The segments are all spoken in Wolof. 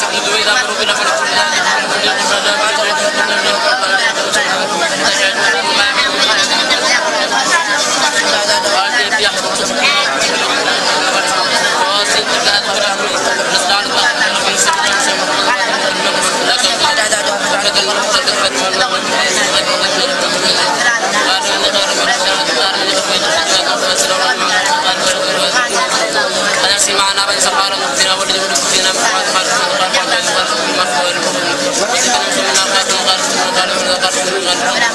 That's how you do it. فاجمع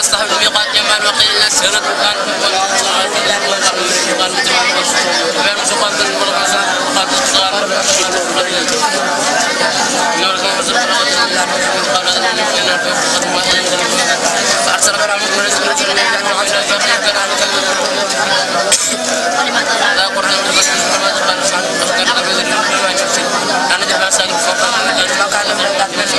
اصحاب الميقات جمعا وقيل لا سيرة الان فارسل برامج من رسول الله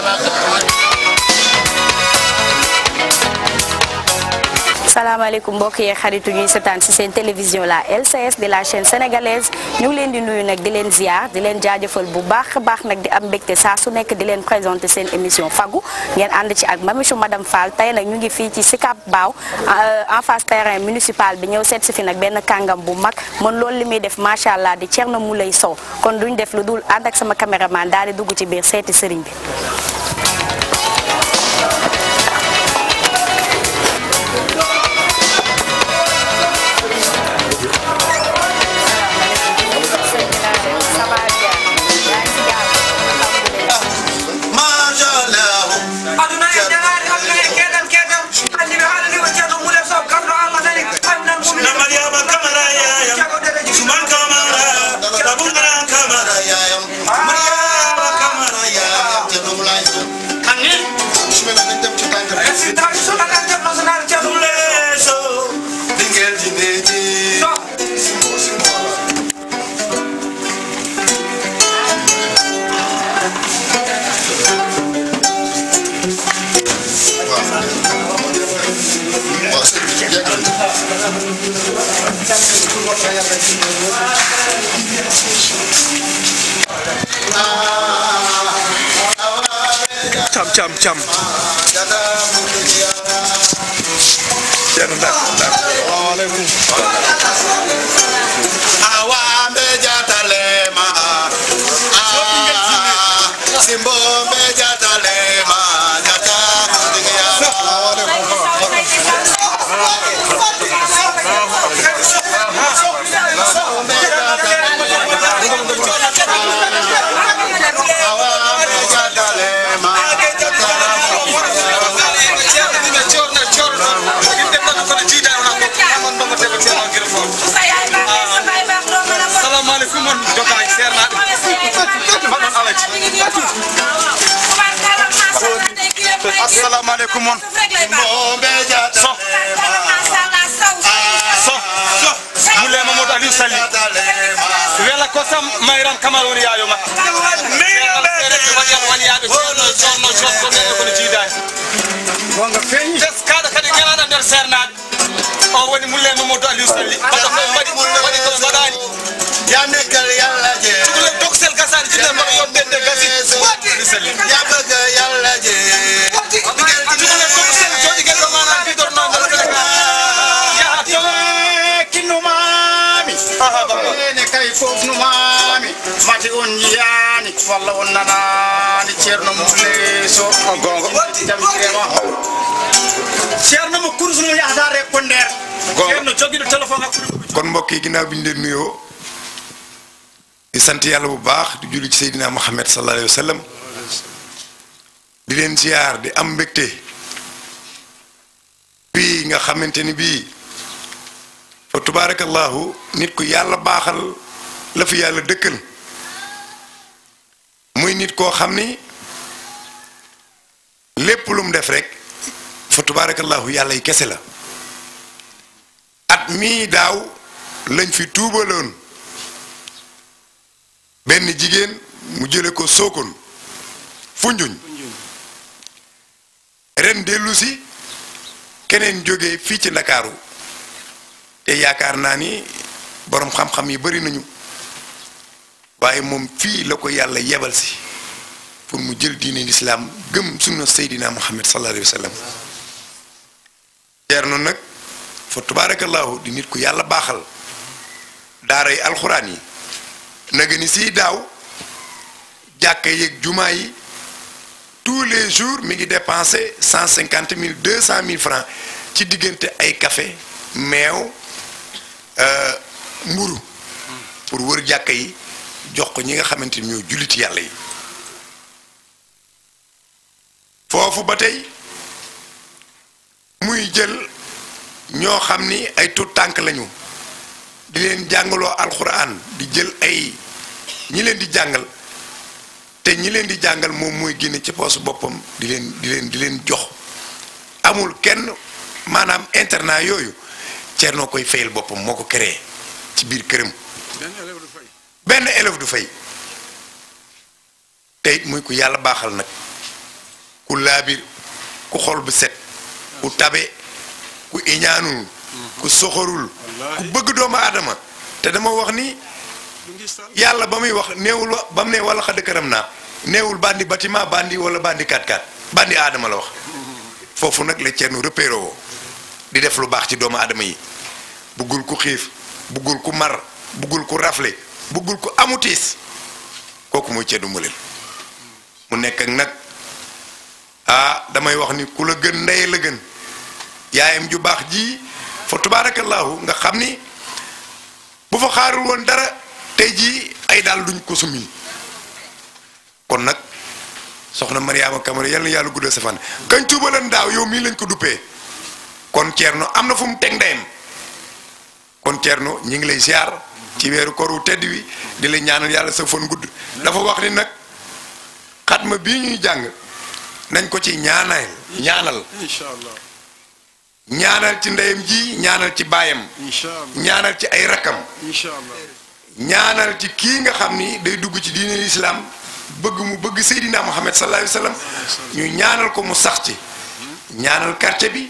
Baba. salaamaaleykum mbokk yeeg xaritu ñuy setaan seen télévision la LCS de la chaîne sénégalaise ñu ngi leen di nuyu nak di leen ziar di leen jaajëfal bu baax a baax nag di am mbégte sa su nek di leen présenter seen émission fagu ngeen and ci ak mamichu madame Fall tay nak ñu ngi fi ci Sikap Baw euh, en face terrain municipal bi ñëw sét ci fi nak ben kàngam bu mak man lool li def machallah di Thierno moulay so kon duñ def lu dul and ak sama cameraman daali dugg ci biir séti sëriñ bi cham cham cham. Àwa méjà talẹ̀ máa. Simbo microphone. salaamaaleykum man jotaay seer naa man man Alex. asalaamaaleykum man. so so so mu lee Mamadou Aliou Sall wela ko sam mayran kamaron yaayo ma waliyaɓe ceerno ceerno cosɗo ɓe kono jiidani gonga feeñi des kaɗa kadi ñalaɗa nder seernaɓe woni mulle mamadou aliou salli oto waɗi waɗi ko mbaɗani ya neggal yallaje cukalel doksel gasani jinne mbaɗa yoɓɓedde gasi waɗi salli yaɓaga yallaje cukalel doksel jooɗi gueɗo mana bidornogal yaatokinumami ene kay fof numami mati on yiyani walla on nanani ceerno mulle so gonga jam kirema Ceerno na kursunu yahdaare ko ndeer Ceerno jogiɗo téléphone kon mbokk yi ginnaaw bi ñu leen nuyoo di sant yàlla bu baax di julli ci Seydina Muhammad sallallahu alayhi di leen ziar di am mbégte bii nga xamante ni bii fa tubaarakallaahu nit ku yàlla baaxal la yàlla dëkkal muy nit koo xam ni lépp lu def rek fa yàllay kese la at mii daaw lañ fi tuubaloon benn jigéen mu jële ko sookoon funjuñ ren dellusi keneen jóge fii ci ndakaaru te yaakaar naa ni boroom xam-xam yi bari nañu waaye moom fii la ko yàlla yebal si pour mu jël diine lislaam gëm sunna seydina muhammad sallallahu alayhi jernu nak fa tabarakallah di nit ku yalla baxal daray alquran yi nag ni si daw jakay yek juma yi tous les jours mi ngi dépenser 150 000 200 000 francs ci digënté ay café mew euh mburu pour wër jakay yi jox ko ñi nga xamanteni ñoo julit yalla yi fofu batay ñuy jël ñoo xam ni ay tuut tànk lañu di leen jàngaloo alxuraan di jël ay ñi leen di jàngal te ñi leen di jàngal moom mooy génne ci poosu boppam di leen di leen di leen jox amul kenn maanaam internat yooyu noo koy fayal boppam moo ko créé ci biir këram. benn élève du fay te muy ku yàlla baaxal nag ku laabir ku xol bu set. ku tabe ku iñaanul ku soxorul ku bëgg doomu aadama te dama wax ni yàlla ba muy wax néewul ba mu ne wala xadd këram naa néewul bàndi bâtiment bandi wala bandi kat-kat bandi aadama la wax foofu nag la ceenu repéré di def lu baax ci doomu adama yi buggul ku xiif buggul ku mar buggul ku rafle buggul ku amutiis kooku mooy ceernu mu mu nekk nag ah damay wax ni ku la gën ndey la gën yaayam ju baax ji fa tubaarakallaahu nga xam ni bu fa xaarul woon dara te jii ay daal duñ ko sumil kon nag soxna Mariama Kamara yal na yàlla guddal sa fan kañ tuubaleen daaw yow mii lañ ko duppee kon Thierno am na fu mu teg ndeyam kon Thierno ñu ngi lay ziar ci weeru koru tedd wi di la ñaanal yàlla sa fan gudd dafa wax ni nag xatma bii ñuy jàng nañ ko ci ñaanal ñaanal incha allah ñaanal ci ndeyam ji ñaanal ci baayam ñaanal ci ay rakkam ñaanal ci kii nga xam ni day dugg ci diine lislaam bëgg mu bëgg Seydina Muhammad sallallahu alayhi wasallam ñu ñaanal ko mu sax ci ñaanal quartier bi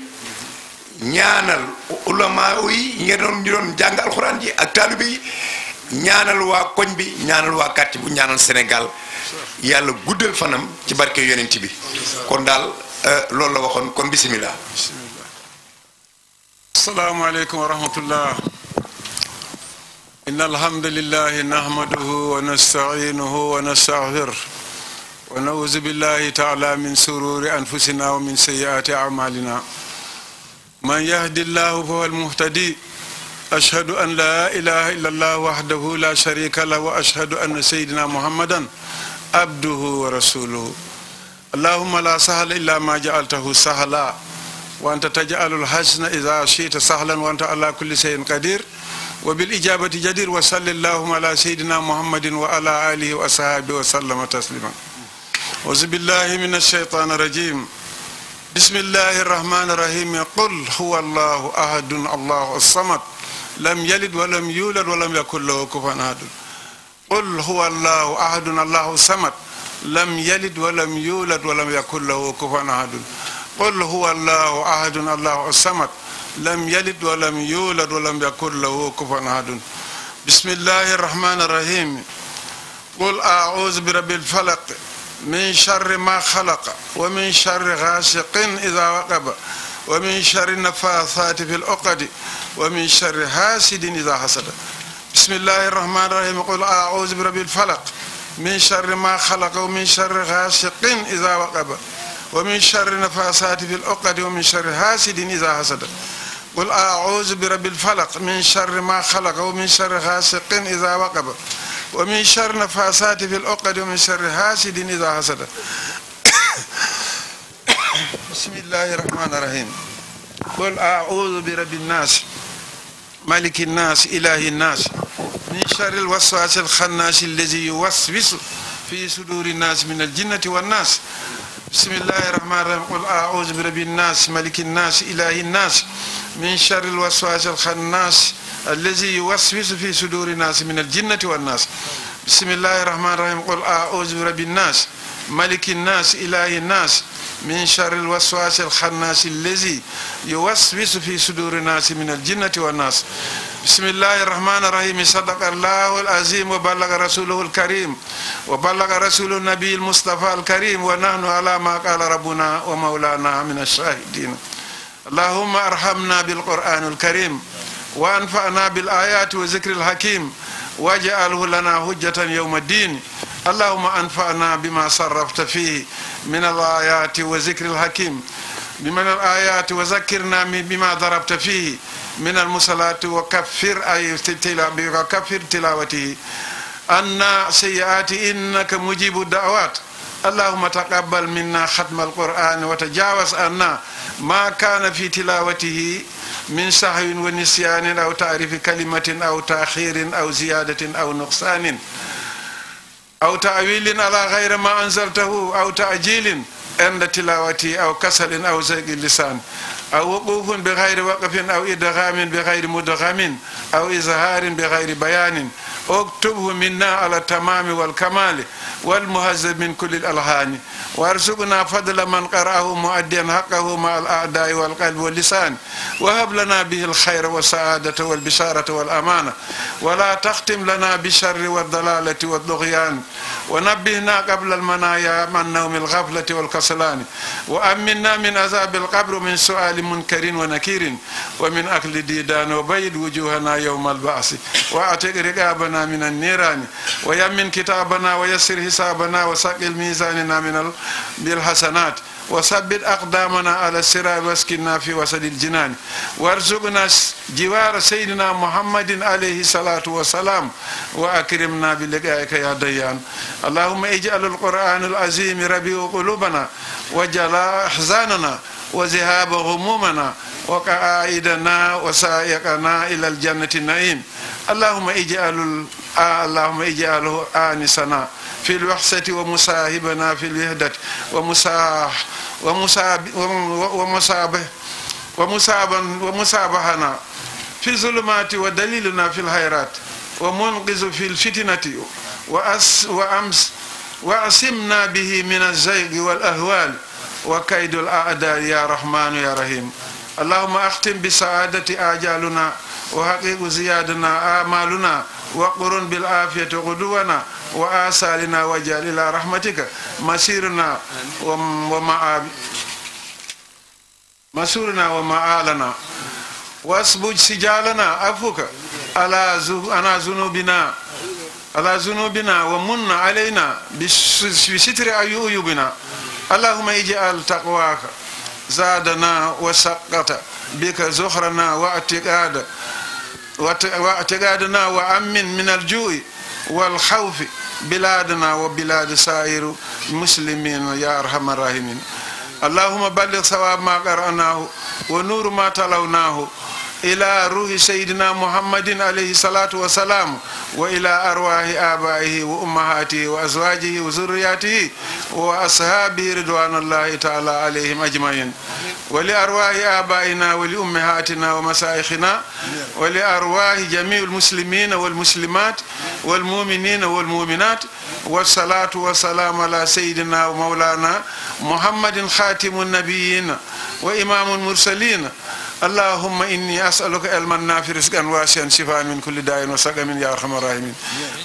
ñaanal ulama yi nga doon ñu doon jàng alxuraan ji ak taalibe yi ñaanal waa koñ bi ñaanal waa quartier bu ñaanal Sénégal yàlla guddal fanam ci barke yonent bi kon daal euh, loolu la waxoon kon bisimilah. asalaamaaleykum wa rahmatullah إن الحمد لله نحمده ونستعينه ونستغفره ونعوذ بالله تعالى من سرور أنفسنا ومن سيئات أعمالنا من يهد الله أشهد أن لا إله إلا الله وحده لا شريك له وأشهد أن سيدنا محمدا عبده ورسوله اللهم لا سهل إلا ما جعلته سهلا وأنت تجعل الحسن إذا شئت سهلا وأنت على كل شيء قدير وبالإجابة جدير وصل اللهم على سيدنا محمد وعلى آله وأصحابه وسلم تسليما أعوذ بالله من الشيطان الرجيم بسم الله الرحمن الرحيم قل هو الله أحد الله الصمد لم يلد ولم يولد ولم يكن له كفوا أحد قل هو الله أحد الله الصمد لم يلد ولم يولد ولم يكن له كفوا أحد قل هو الله أحد الله الصمد لم يلد ولم يولد ولم يكن له كفوا أحد بسم الله الرحمن الرحيم قل أعوذ برب الفلق من شر ما خلق ومن شر غاسق إذا وقب ومن شر النفاثات في العقد ومن شر حاسد إذا حسد بسم الله الرحمن الرحيم قل أعوذ برب الفلق من شر ما خلق ومن شر غاسق إذا وقب ومن شر نفاسات في العقد ومن شر حاسد إذا حسد قل أعوذ برب الفلق من شر ما خلق ومن شر غاسق إذا وقب ومن شر نفاسات في العقد ومن شر حاسد إذا حسد بسم الله الرحمن الرحيم قل أعوذ برب الناس ملك الناس إله الناس من شر الوسواس الخناس الذي يوسوس في صدور الناس من الجنة والناس بسم الله الرحمن الرحيم قل أعوذ برب الناس ملك الناس إله الناس من شر الوسواس الخناس الذي يوسوس في صدور الناس من الجنة والناس بسم الله الرحمن الرحيم قل أعوذ برب الناس ملك الناس إله الناس من شر الوسواس الخناس الذي يوسوس في صدور الناس من الجنة والناس بسم الله الرحمن الرحيم صدق الله العظيم وبلغ رسوله الكريم وبلغ رسول النبي المصطفى الكريم ونحن على ما قال ربنا ومولانا من الشاهدين اللهم ارحمنا بالقرآن الكريم وانفعنا بالآيات وذكر الحكيم واجعله لنا حجة يوم الدين اللهم أنفعنا بما صرفت فيه من الآيات وذكر الحكيم بمن الآيات وذكرنا بما ضربت فيه من المصلات وكفر أي وكفر تلاوته أن سيئات إنك مجيب الدعوات اللهم تقبل منا ختم القرآن وتجاوز عنا ما كان في تلاوته من سهو ونسيان أو تعريف كلمة أو تأخير أو زيادة أو نقصان أو تأويل على غير ما أنزلته أو تأجيل عند تلاوتي أو كسل أو زيق اللسان أو وقوف بغير وقف أو إدغام بغير مدغم أو إظهار بغير بيان اكتبه منا على التمام والكمال والمهذب من كل الألحان وارزقنا فضل من قرأه مؤديا حقه مع الأعداء والقلب واللسان وهب لنا به الخير والسعادة والبشارة والأمانة ولا تختم لنا بالشر والضلالة والضغيان ونبهنا قبل المنايا من نوم الغفلة والكسلان وأمنا من عذاب القبر من سؤال منكر ونكير ومن أكل ديدان وبيد وجوهنا يوم البعث وأعتق رقابنا من النيران ويمن كتابنا ويسر حسابنا وسق الميزاننا من بالحسنات وثبت أقدامنا على السراء واسكننا في وسط الجنان وارزقنا جوار سيدنا محمد عليه الصلاة والسلام وأكرمنا بلقائك يا ديان اللهم اجعل القرآن العظيم ربيع قلوبنا وجلاء أحزاننا وذهاب غمومنا وكعائدنا وسائقنا إلى الجنة النعيم اللهم اجعل اللهم اجعله آنسنا في الوحسة ومصاحبنا في الوحدة ومصاح ومصاب ومصابه ومصابا ومصابحنا في الظلمات ودليلنا في الحيرات ومنقذ في الفتنة وأس وأمس وأسمنا به من الزيغ والأهوال وكيد الأعداء يا رحمن يا رحيم اللهم أختم بسعادة آجالنا وحقق زيادنا آمالنا وقرن بالعافية غدونا وآسالنا وجعل إلى رحمتك مسيرنا ومعاب مسورنا ومعالنا واسبج سجالنا عفوك على على ذنوبنا على ذنوبنا ومن علينا بستر عيوبنا اللهم اجعل تقواك زادنا وسقط بك زخرنا واعتقاد واعتقادنا وأمن من الجوع والخوف بلادنا وبلاد سائر المسلمين يا أرحم الراحمين اللهم بلغ ثواب ما قرأناه ونور ما تلوناه إلى روح سيدنا محمد عليه الصلاة والسلام وإلى أرواح آبائه وأمهاته وأزواجه وذرياته وأصحابه رضوان الله تعالى عليهم أجمعين ولأرواح آبائنا ولأمهاتنا ومسائخنا ولأرواح جميع المسلمين والمسلمات والمؤمنين والمؤمنات والصلاة والسلام على سيدنا ومولانا محمد خاتم النبيين وإمام المرسلين اللهم إني أسألك علما نافع رزقا واسعا شفاء من كل داء وسقم يا أرحم الراحمين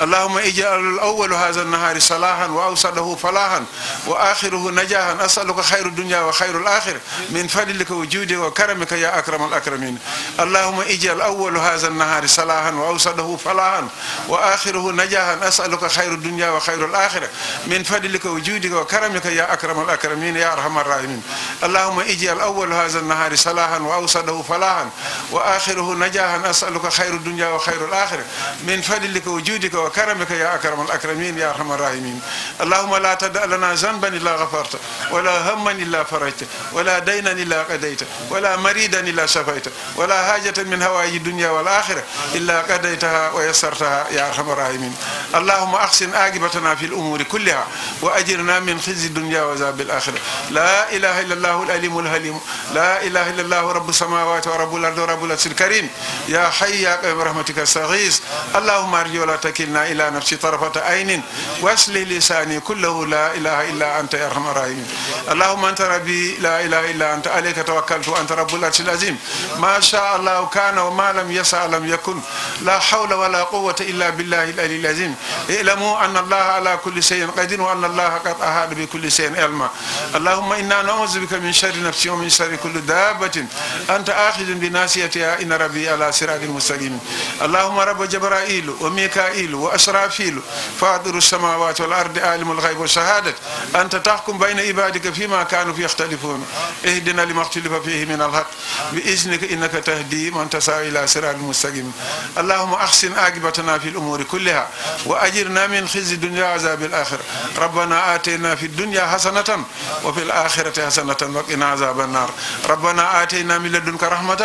اللهم اجعل الأول هذا النهار صلاحا وأوصله فلاحا وآخره نجاحا أسألك خير الدنيا وخير الآخر من فضلك وجودك وكرمك يا أكرم الأكرمين اللهم اجعل أول هذا النهار صلاحا وأوصله فلاحا وآخره نجاحا أسألك خير الدنيا وخير الآخر من فضلك وجودك وكرمك يا أكرم الأكرمين يا أرحم الراحمين اللهم اجعل أول هذا النهار صلاحا وأوصله له فلاحا وآخره نجاحا أسألك خير الدنيا وخير الآخرة من فضلك وجودك وكرمك يا أكرم الأكرمين يا أرحم الراحمين اللهم لا تدع لنا ذنبا إلا غفرت ولا هما إلا فرجت ولا دينا إلا قديت ولا مريدا إلا شفيت ولا حاجة من هواي الدنيا والآخرة إلا قضيتها ويسرتها يا أرحم الراحمين اللهم أحسن عاقبتنا في الأمور كلها وأجرنا من خزي الدنيا وزاب الآخرة لا إله إلا الله الأليم الهليم لا إله إلا الله رب السماوات السماوات ورب الأرض ورب الأرش الكريم يا حي يا قيوم رحمتك استغيث اللهم ارجو لا تكلنا إلى نفسي طرفة عين واسل لساني كله لا إله إلا أنت يا أرحم الراحمين اللهم أنت ربي لا إله إلا أنت عليك توكلت وأنت رب الأرش العظيم ما شاء الله كان وما لم يسع لم يكن لا حول ولا قوة إلا بالله العلي العظيم اعلموا أن الله على كل شيء قدير وأن الله قد أحاط بكل شيء علما اللهم إنا نعوذ بك من شر نفسي ومن شر كل دابة أن أنت آخذ بناسيتها إن ربي على صراط مستقيم اللهم رب جبرائيل وميكائيل وأسرافيل فاطر السماوات والأرض عالم الغيب والشهادة أنت تحكم بين عبادك فيما كانوا في يختلفون اهدنا لما اختلف فيه من الحق بإذنك إنك تهدي من تسعى إلى صراط مستقيم اللهم أحسن عاقبتنا في الأمور كلها وأجرنا من خزي الدنيا عذاب الآخرة ربنا آتينا في الدنيا حسنة وفي الآخرة حسنة وقنا عذاب النار ربنا آتينا من لدن منك رحمة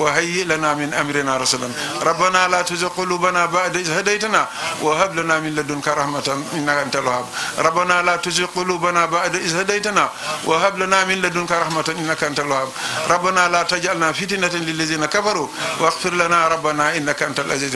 وهيئ لنا من أمرنا رسلا ربنا لا تزغ قلوبنا بعد إذ هديتنا وهب لنا من لدنك رحمة إنك أنت الوهاب ربنا لا تزغ قلوبنا بعد إذ هديتنا وهب لنا من لدنك رحمة إنك أنت الوهاب ربنا لا تجعلنا فتنة للذين كفروا واغفر لنا ربنا إنك أنت العزيز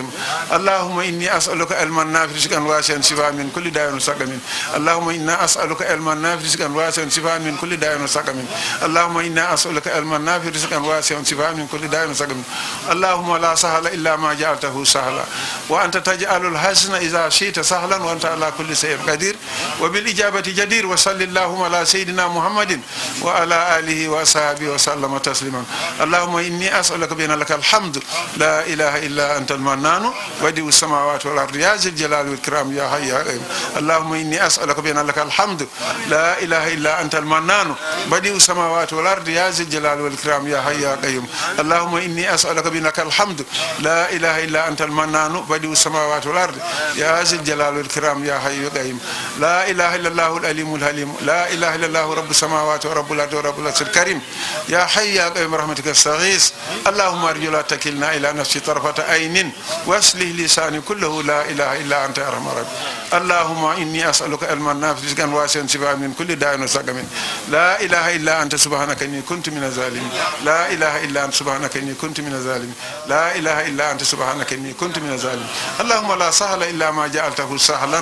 اللهم إني أسألك علما نافعا رزقا واسعا شفاء من كل داء وسقم اللهم إنا أسألك علما نافعا رزقا واسعا شفاء من كل داء وسقم اللهم إنا أسألك علما نافعا رزقا واسعا واسع سفاء من كل داء وسقم اللهم لا سهل إلا ما جعلته سهلا وأنت تجعل الحسن إذا شئت سهلا وأنت على كل شيء قدير وبالإجابة جدير وصل اللهم على سيدنا محمد وعلى آله وصحبه وسلم تسليما اللهم إني أسألك بأن لك الحمد لا إله إلا أنت المنان ودي السماوات والأرض يا ذي الجلال والإكرام يا حي يا قيوم اللهم إني أسألك بأن لك الحمد لا إله إلا أنت المنان بديع السماوات والأرض يا ذي الجلال والإكرام يا حي يا قيوم اللهم إني أسألك بأنك الحمد لا إله إلا أنت المنان بديو السماوات والأرض يا ذا الجلال والكرام يا حي قيوم لا إله إلا الله الأليم الحليم لا إله إلا الله رب السماوات ورب الأرض ورب الأرض الكريم يا حي يا قيوم رحمتك استغيث اللهم أرجو لا تكلنا إلى نفسي طرفة عين واسله لساني كله لا إله إلا أنت يا رحمة ربي اللهم إني أسألك المنان في نافذا واسع سبع من كل داء وسقم لا إله إلا أنت سبحانك إني كنت من الظالمين لا إله إله إلا أنت سبحانك إني كنت من الظالمين لا إله إلا أنت سبحانك إني كنت من الظالمين اللهم لا سهل إلا ما جعلته سهلا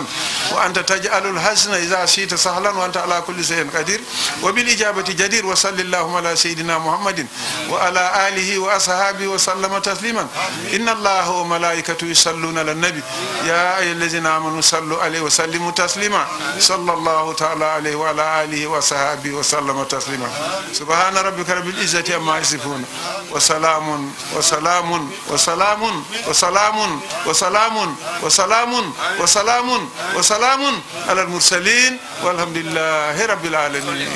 وأنت تجعل الحزن إذا شئت سهلا وأنت على كل شيء قدير وبالإجابة جدير وصل اللهم على سيدنا محمد وعلى آله وأصحابه وسلم تسليما إن الله وملائكته يصلون على النبي يا أيها الذين آمنوا صلوا عليه وسلموا تسليما صلى الله تعالى عليه وعلى آله وصحبه وسلم تسليما سبحان ربك رب العزة عما يصفون يصفون وسلام وسلام وسلام وسلام وسلام وسلام وسلام وسلام على المرسلين والحمد لله رب العالمين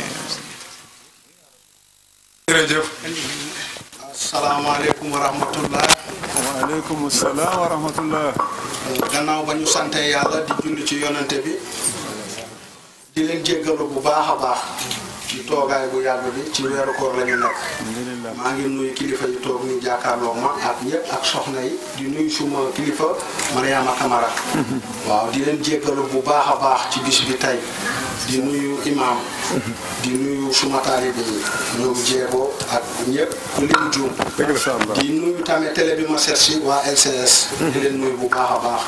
asalaamaaleykum wa rahmatullah waaleykum salaam wa rahmatullah gannaaw ba ñu sante yàlla di julli ci yonante bi di leen jéggalu bu baax a baax ci toogaay bu yàgg bi ci weeru koor la ñu nekk alhamdulilah maa ngi nuyu kilifa yi toog ñu jàkkaarloo ma ak ñëpp ak soxna yi di nuyu suma kilifa Mariama Kamara waaw di leen jéggalu bu baax a baax ci bis bi tey di nuyu imaam di nuyu suma taalibe yi ñoom jeego ak ñëpp ku lim juum di nuyu tamit télé bi ma seet si waa LCS di leen nuyu bu baax a baax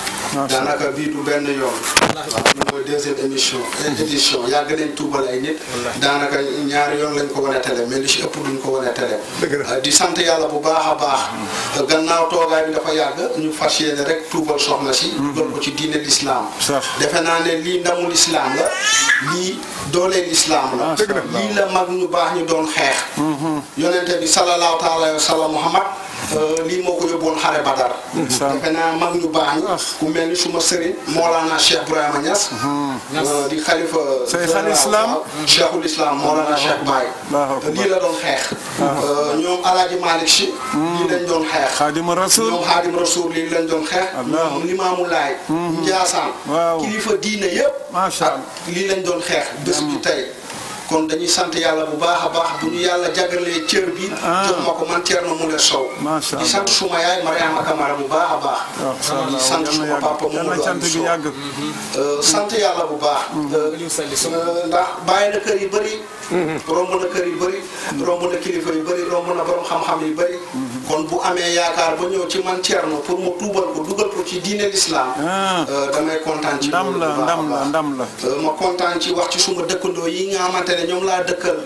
daanaka bii du benn yoon waaw bi mooy deuxième émission édition yàgg nañ tuubal ay nit daanaka ñaari yoon lañ ko wane télé mais li ëpp duñ ko wane télé di sant yàlla bu baax a baax gannaaw toogaay bi dafa yàgg ñu fas yéene rek tuubal soxna si mhm. dugal ko ci diine lislaam defe naa ne lii ndamu lislaam la lii doolee lislaam la lii la mag ñu baax ñu doon xeex mhm. yonente bi salallaahu taala wa sallam muhammad lii moo ko yóbbuwoon xare Badar. defe naa mag ñu baax ñi. ku mel ni suma sëriñ Mawlana Cheikh Ibrahima Niass. di xalifa. Cheikhul Islam Cheikhul Islam Mawlana Cheikh Baye. lii la doon xeex. ñoom El Hadj Malick Sy. lii lañ doon xeex. Xaadimu Rasuul ñoom Xaadimu Rasuul lii lañ doon xeex. ñoom Limaamu Laay. Njaasaan. waaw kilifa diine yëpp. macha allah lii lañ doon xeex bés bi tey. kon dañuy sant yàlla bu baax a baax bu ñu yàlla jagalee cër bi. Ah. jox ma ko man Thierno Moule Sow. macha allah di sant suma yaay Mariama Kamara bu baax a baax. waaw ah, di sant suma papa Momadou Aliou Sow euh, sant yàlla bu baax. Mm-hmm. Euh, ndax bàyyi na kër yu bëri. Mm-hmm. romb na kër yu bëri. Mm-hmm. romb na kilifa yu bëri romb na borom xam-xam yu bëri. kon bu amee yaakaar ba ñëw ci man Thierno pour mu tuubal ko dugal ko ci diine l'islam ah. euh, damay kontaan ci ndam la ndam la ndam la euh, ma kontaan ci wax ci suma dëkkandoo yi nga xamante ñoom laa dëkkal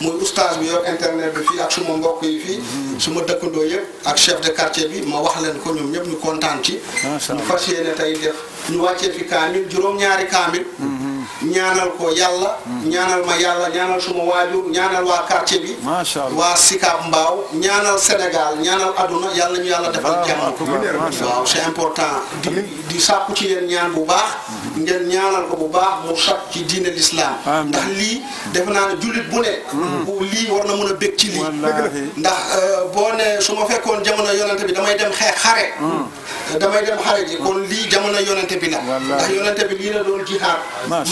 muy oustaz bi yor internet bi fii ak suma mbokk yi fii mm-hmm. suma dëkkandoo yëpp ak chef de quartier bi ma wax leen ko ñoom ñëpp ñu kontaan ci ñu fas yéene tey def ñu wàccee fi kaamil juróom-ñaari kaamil mm-hmm. ñaanal ko yàlla hmm. ñaanal ma yàlla ñaanal suma waajur ñaanal waa quartier bi macha allah waa Sicap Mbao ñaanal Sénégal ñaanal aduna yàlla ñu yàlla defal ko jàmm waaw c'est important di di sàkku ci yéen ñaan bu baax hmm. ngeen ñaanal ko bu baax mu sat ci diine l'islam ndax lii def naa ne jullit bu ne hmm. lii war na mën a bég ci lii ndax euh, boo ne su ma fekkoon jamono yonente bi damay dem xee xare damay dem xare ji kon lii jamono yonente bi la ndax yonente bi lii la doon jihaad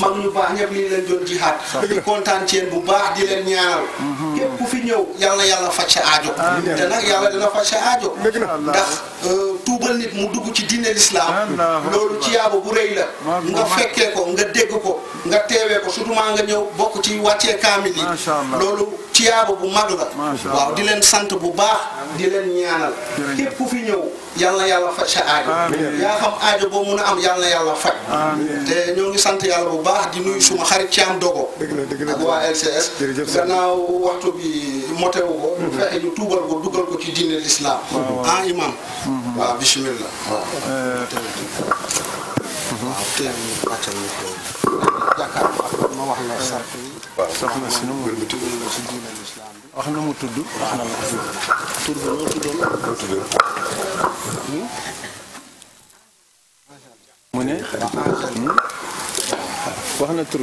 mag ñu baax ñëpp ñu ngi jot doon jihaat di kontaan ci yéen bu baax di leen ñaar mhm. képp ku fi ñëw yal na yàlla faj sa aajo te yàlla dina faj sa aajo ndax euh, tuubal nit mu dugg ci diine lislaam loolu ci yaaba bu rëy la nga fekkee ko nga dégg ko nga teewee ko surtout maa nga ñëw bokk ci wàccee kaamil yi loolu tiyaaba bu mag la waaw di leen sant bu baax di leen ñaanal képp ku fi ñëw yal yàlla faj sa aajo yaa xam aajo boo mun a am yal yàlla faj te ñoo ngi sant yàlla bu baax di nuyu suma xarit Thiam Dogo ak waa LCS gannaaw waxtu bi motewu ko ñu fexe ñu tuubal ko dugal ko ci diine l'islam en ah, imam mhm. waaw bismillah euh, waaw soxna si nu mu tudd wax na mu tudd. wax na mu tudd. mu ne. wax na tur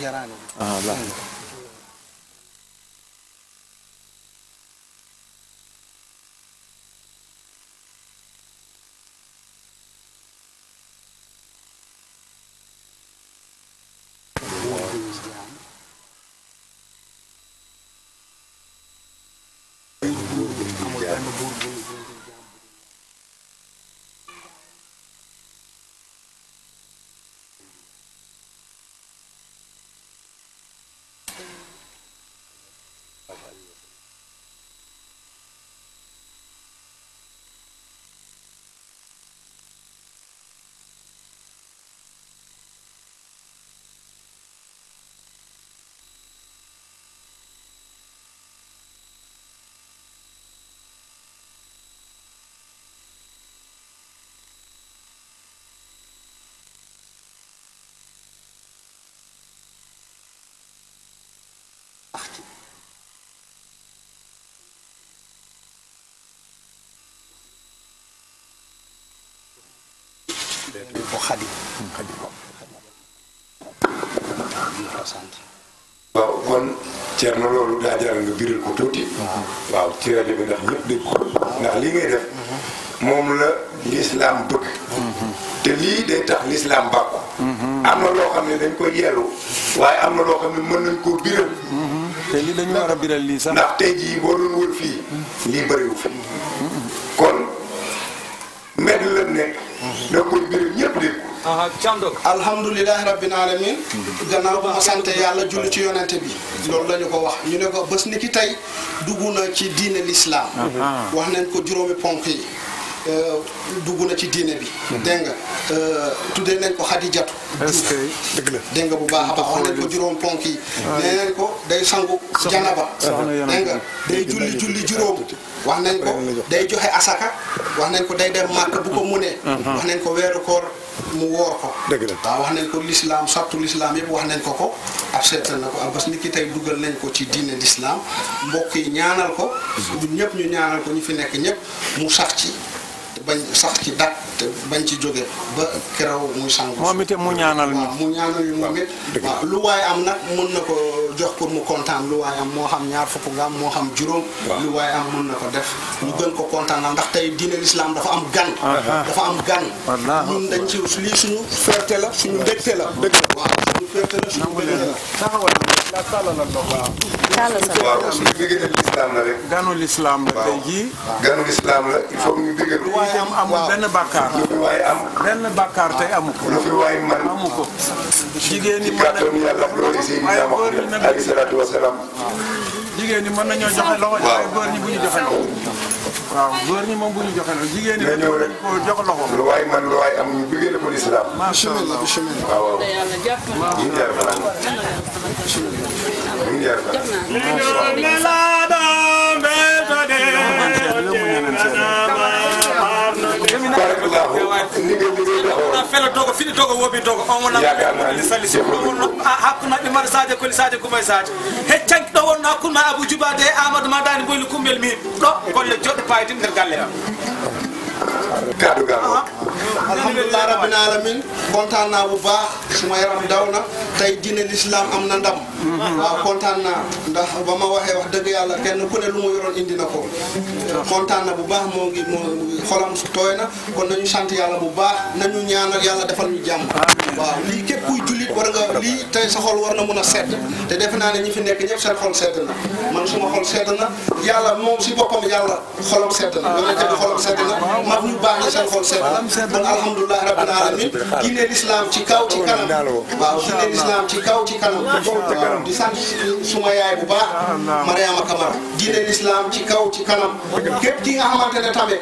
جيراني اه الله إيه. ko xadi xadi ko waaw kon Thierno loolu daa jaral nga biral ko tuuti waaw ci rajo bi ndax ñëpp dégg ndax lii ngay def moom la lislaam bëgg te lii day tax lislaam bàkku am na loo xam ne dañ koy yeelu waaye am na loo xam ne mën nañ koo biral te lii dañu war a biral lii sax ndax tey jii boo doon wër fii lii bëriwu alhamdulilahi rabbil alamin hmm. gannaaw ba ma sant yàlla julli ci yonente bi loolu la ko wax ñu ne ko bés ni ki tey duggu na ci diine lislaam wax nañ ko juróomi ponk yi euh, dugg na ci diine bi hmm. nga euh, tuddee nañ ko xadijatu dëgg la dégg nga bu baax ponk yi ah. nee nañ day sangu janaba dégg nga day julli julli juróom wax nañ ko day joxe asaka wax nañ ko day dem màkk bu ko munee wax nañ ko weeru koor mu woor ko. dëgg la waaw wax nañ ko lislaam sartu lislaam yëpp wax nañ ko ko ab seetal na ko ab bas ni ki tey dugal nañ ko ci diine lislaam mbokk yi ñaanal ko. Mm-hmm. ñun ñëpp ñu ñaanal ko ñu fi nekk ñëpp mu sax ci. bañ sax ci dat te bañ ci jóge ba keroog muy sangu moom itam mu ñaanal ñu mu ñaanal ñu moom it lu waaye am nag mun na ko jox pour mu kontaan lu waaye am moo xam ñaar fukk nga am moo xam juróom lu waaye am mun na ko def ñu gën ko kontaan ndax tey diine lislaam dafa am gan ah, ah. dafa am gan ñun dañ ci lii suñu fierté la suñu mbégte la dëgg la waaw suñu fierté la suñu mbégte la waaw aussi bëgg na lislaam la rek. ganu lislaam la tey jii. ganu lislaam la il faut ñu bëgg. waaw waaye am amul benn bàkkaar. lu tey amu jigéen ñi mën na ci kàttanu yàlla loolu si Ndiaye Mokho alayhi salaatu wa salaam. jigéen ñi mën nañoo joxe loxo waaye góor ñi bu ñu joxe loxo. waaw góor ñi moom bu ñu joxe loxo jigéen ñi. nga ñëw rek jox loxo. lu waay man lu waay am ñu duggee la ko lislaam. macha allah macha allah waaw waaw. ñu ngi jaar fanaan. ñu ngi jaar fanaan. barakallahu ni nga liggéey dafa fela togo fiɗi togo wobi togo on wonnaɗi salli hakkude maɓɓe mbaɗa sadio koli sadio kumay sadio heccanki ɗo wonno hakkude ma abou djoubade e amadou madani boyli kumbel min ɗo golle joɗɗo payidi nder galle kaddu gaa moom alhamdulilah rabbil alamin kontaan naa bu baax suma yaram daw na tey diine lislaam am na ndam waaw kontaan naa ndax ba ma waxee wax dëgg yàlla kenn ku ne lu mu yoroon indi na ko kontaan bu baax moo ngi moo xolam tooy na kon ñu sant yàlla bu baax nañu ñaanal yàlla defal ñu jàmm waaw lii képp kuy jullit war nga lii tey sa xol war na mën a sedd te def naa ne ñu fi nekk ñëpp seen xol sedd na man suma xol sedd na yàlla moom si boppam yàlla xolam ndax ñu baax ñi seen xol seen kon alhamdulilah rabbil alamin diine lislaam ci kaw ci kanam waaw diine lislaam ci kaw ci di sant suma yaay bu baax Mariama Kamara diine lislaam ci kaw ci kanam képp ki nga xamante ne tamit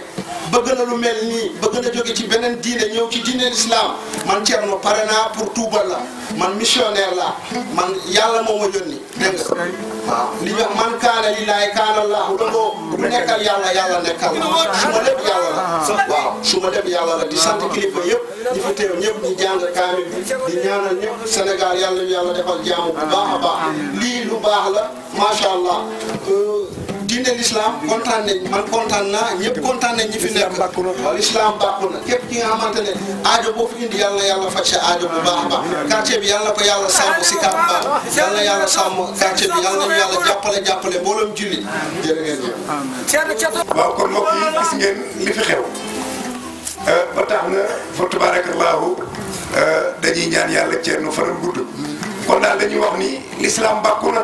bëgg na lu mel nii bëgg na jóge ci beneen diine ñëw ci diine lislaam man Thierno pare naa pour tuubal la man missionnaire la man yàlla moo ma yónni dégg nga waaw li ñu wax man kaana lillaahi kaana allaahu lahu ku nekkal yàlla yàlla nekkal la su ma lépp yàlla la waaw su ma lépp yàlla la di sant kilifa yëpp ñi fi teew ñëpp ñi jàng kaamil bi yàlla yàlla defal jaamu bu baax a baax lii lu baax la macha diine l'islam kontaan nañ man kontaan naa ñëpp kontaan nañ ñi fi nekk waaw l'islam bàkku na képp ki nga xamante ne aajo boo fi yàlla yàlla a baax quartier bi yàlla ko yàlla sàmm si kàddu baax yàlla yàlla sàmm quartier bi yàlla nañu yàlla jàppale jàppale mbooloom julli jërë ngeen jëf waaw kon mbokk yi gis ngeen li fi xew euh, ba tax na fa tabaarakallaahu euh, dañuy ñaan yàlla ceernu faram gudd kon daal dañuy wax ni l'islam bàkku na